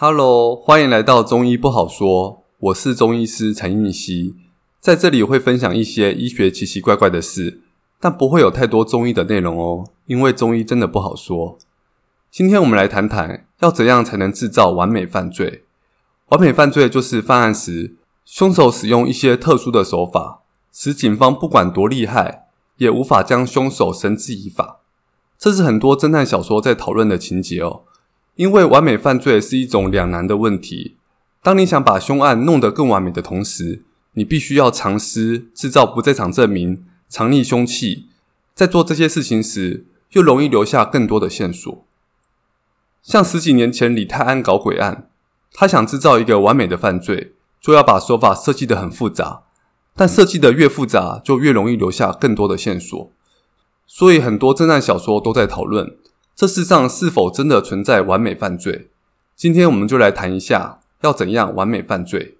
Hello，歡迎來到中醫不好說。我是中醫師陳映希。在這裡會分享一些醫學奇奇怪怪的事，但不會有太多中醫的內容哦，因為中醫真的不好說。今天我們來談談要怎樣才能製造完美犯罪。完美犯罪就是犯案時，兇手使用一些特殊的手法，使警方不管多厲害，也無法將兇手繩之以法。這是很多偵探小說在討論的情節哦。因為完美犯罪是一種兩難的問題。當你想把凶案弄得更完美的同時，你必須要藏屍、製造不在場證明、藏匿凶器。在做這些事情時，又容易留下更多的線索。像十幾年前李泰安搞鬼案，他想製造一個完美的犯罪，就要把手法設計得很複雜。但設計得越複雜，就越容易留下更多的線索。所以，很多偵探小說都在討論。這世上是否真的存在完美犯罪？今天我們就來談一下，要怎樣完美犯罪。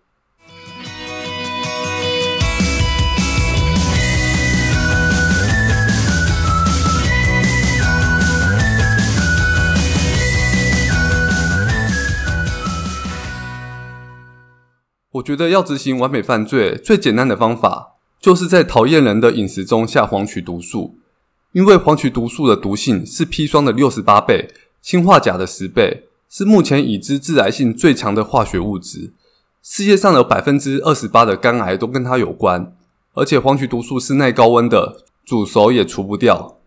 我覺得要執行完美犯罪，最簡單的方法，就是在討厭人的飲食中下黃麴毒素。因為黃麴毒素的毒性是砒霜的六十八倍，氰化鉀的十倍，是目前已知致癌性最強的化學物質。世界上的百分之二十八的肝癌都跟它有關。而且黃麴毒素是耐高溫的，煮熟也除不掉。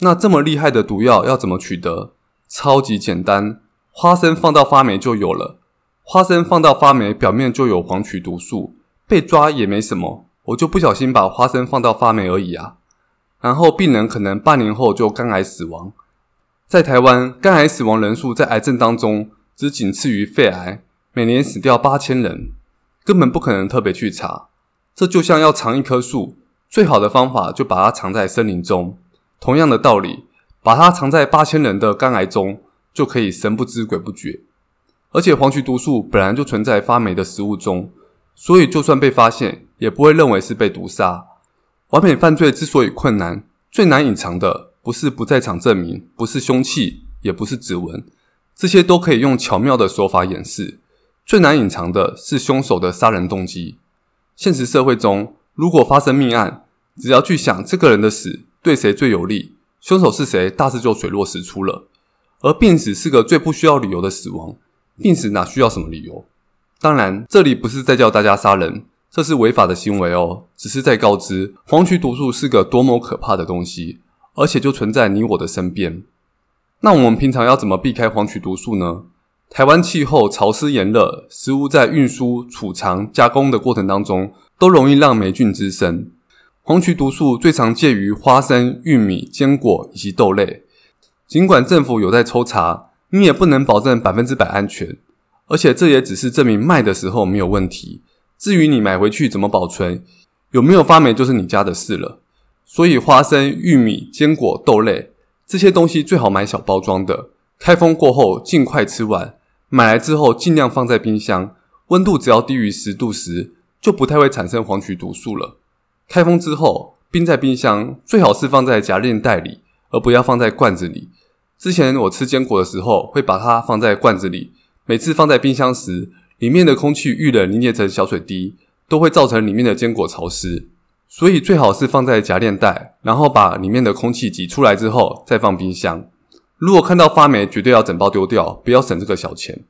那這麼厲害的毒藥要怎麼取得？超級簡單，花生放到發霉就有了。花生放到發霉表面就有黃麴毒素，被抓也沒什麼，我就不小心把花生放到發霉而已啊。然後病人可能半年後就肝癌死亡。在台灣，肝癌死亡人數在癌症當中只僅次於肺癌，每年死掉八千人，根本不可能特別去查。這就像要藏一棵樹，最好的方法就把它藏在森林中。同樣的道理，把它藏在八千人的肝癌中，就可以神不知鬼不覺。而且黃麴毒素本來就存在發霉的食物中，所以就算被發現，也不會認為是被毒殺。完美犯罪之所以困難，最難隱藏的不是不在場證明，不是兇器，也不是指紋，這些都可以用巧妙的手法掩飾。最難隱藏的是兇手的殺人動機。現實社會中，如果發生命案，只要去想這個人的死對誰最有利，兇手是誰，大事就水落石出了。而病死是個最不需要理由的死亡，病死哪需要什麼理由？當然，這裡不是在叫大家殺人。這是違法的行為哦，只是在告知黃麴毒素是個多麼可怕的東西，而且就存在你我的身邊。那我們平常要怎麼避開黃麴毒素呢？台灣氣候潮濕炎熱，食物在運輸、儲藏、加工的過程當中，都容易讓黴菌滋生。黃麴毒素最常見於花生、玉米、堅果以及豆類。儘管政府有在抽查，你也不能保證百分之百安全，而且這也只是證明賣的時候沒有問題。至於你買回去怎麼保存，有沒有發霉就是你家的事了。所以花生、玉米、堅果、豆類這些東西最好買小包裝的，開封過後儘快吃完。買來之後盡量放在冰箱，溫度只要低於十度時，就不太會產生黃麴毒素了。開封之後，冰在冰箱最好是放在夾鏈袋裡，而不要放在罐子裡。之前我吃堅果的時候會把它放在罐子裡，每次放在冰箱時，裡面的空氣遇冷凝結成小水滴，都會造成裡面的堅果潮濕，所以最好是放在夾鏈袋，然後把裡面的空氣擠出來之後再放冰箱。如果看到發霉，絕對要整包丟掉，不要省這個小錢。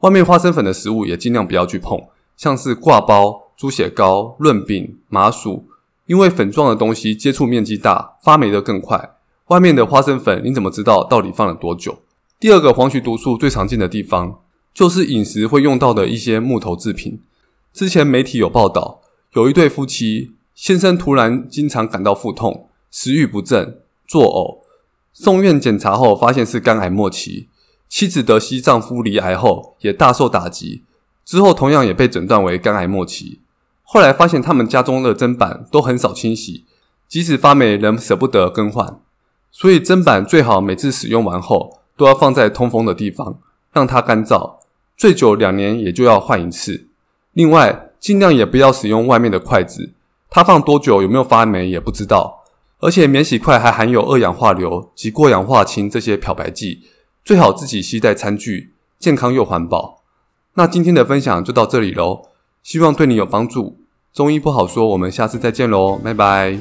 外面花生粉的食物也盡量不要去碰，像是刈包、豬血糕、潤餅、麻薯，因為粉狀的東西接觸面積大，發霉得更快。外面的花生粉，你怎麼知道到底放了多久？第二個，黃麴毒素最常見的地方，就是飲食會用到的一些木頭製品。之前媒體有報道，有一對夫妻，先生突然經常感到腹痛、食慾不振、作嘔，送院檢查後發現是肝癌末期。妻子得悉丈夫罹癌後也大受打擊，之後同樣也被診斷為肝癌末期。後來發現他們家中的砧板都很少清洗，即使發霉仍舍不得更換。所以砧板最好每次使用完後都要放在通風的地方，讓它乾燥。最久兩年也就要換一次，另外儘量也不要使用外面的筷子，它放多久有沒有發霉也不知道，而且免洗筷還含有二氧化硫及過氧化氫這些漂白劑，最好自己攜帶餐具，健康又環保。那今天的分享就到這裡嘍，希望對你有幫助。中醫不好說，我們下次再見嘍，拜拜。